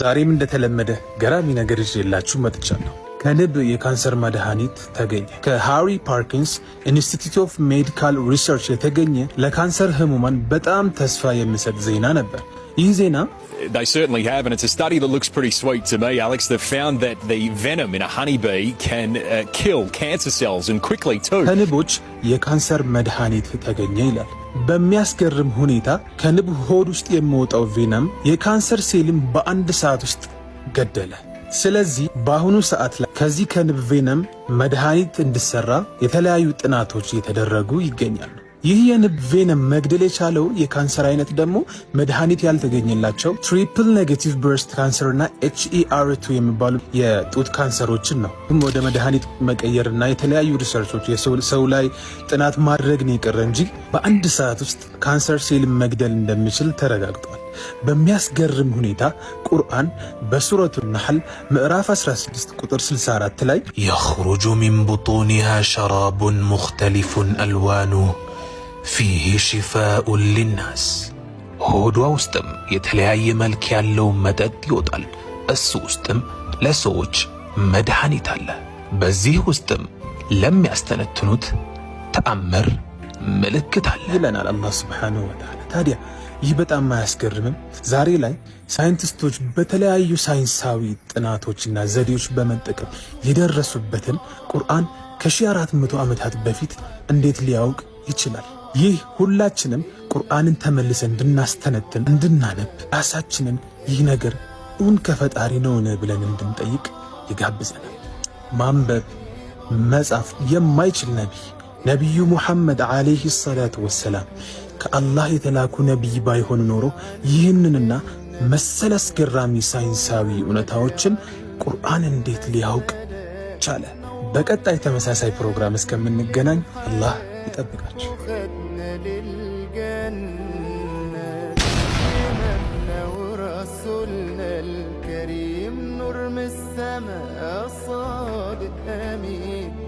ዛሬም እንደተለመደ ገራሚ ነገር ይዤላችሁ መጥቻለሁ። ከንብ የካንሰር መድኃኒት ተገኘ። ከሃሪ ፓርኪንስ ኢንስቲትዩት ኦፍ ሜዲካል ሪሰርች የተገኘ ለካንሰር ህሙማን በጣም ተስፋ የሚሰጥ ዜና ነበር። ይህ ዜና ከንቦች የካንሰር መድኃኒት ተገኘ ይላል። በሚያስገርም ሁኔታ ከንብ ሆድ ውስጥ የሚወጣው ቬነም የካንሰር ሴልም በአንድ ሰዓት ውስጥ ገደለ። ስለዚህ በአሁኑ ሰዓት ላይ ከዚህ ከንብ ቬነም መድኃኒት እንዲሰራ የተለያዩ ጥናቶች እየተደረጉ ይገኛሉ። ይህ የንብ ቬነም መግደል የቻለው የካንሰር አይነት ደግሞ መድኃኒት ያልተገኘላቸው ትሪፕል ኔጌቲቭ ብርስት ካንሰር እና ኤችኢአርቱ የሚባሉ የጡት ካንሰሮችን ነው ወደ መድኃኒት መቀየርና የተለያዩ ሪሰርቾች ሰው ላይ ጥናት ማድረግን የቀረ እንጂ በአንድ ሰዓት ውስጥ ካንሰር ሴል መግደል እንደሚችል ተረጋግጧል። በሚያስገርም ሁኔታ ቁርአን በሱረቱ ናሕል ምዕራፍ 16 ቁጥር 64 ላይ የኽሩጁ ሚን ቡጡኒሃ ሸራቡን ሙኽተሊፉን አልዋኑ ፊሂ ሺፋኡን ሊናስ ሆዷ ውስጥም የተለያየ መልክ ያለው መጠጥ ይወጣል። እሱ ውስጥም ለሰዎች መድኃኒት አለ። በዚህ ውስጥም ለሚያስተነትኑት ተአምር ምልክት አለ ይለናል አላህ ሱብሓነሁ ወተዓላ። ታዲያ ይህ በጣም አያስገርምም? ዛሬ ላይ ሳይንቲስቶች በተለያዩ ሳይንሳዊ ጥናቶችና ዘዴዎች በመጠቀም የደረሱበትን ቁርአን ከሺህ አራት ዓመታት በፊት እንዴት ሊያውቅ ይችላል? ይህ ሁላችንም ቁርአንን ተመልሰን እንድናስተነትን፣ እንድናነብ ራሳችንን ይህ ነገር እውን ከፈጣሪ ነውን ብለን እንድንጠይቅ ይጋብዘናል። ማንበብ መጻፍ የማይችል ነቢይ ነቢዩ ሙሐመድ ዓለይህ ሰላት ወሰላም ከአላህ የተላኩ ነቢይ ባይሆን ኖሮ ይህንንና መሰል አስገራሚ ሳይንሳዊ እውነታዎችን ቁርአን እንዴት ሊያውቅ ቻለ? በቀጣይ ተመሳሳይ ፕሮግራም እስከምንገናኝ አላህ وخدنا للجنة إمامنا ورسولنا الكريم نور من السماء صادق امين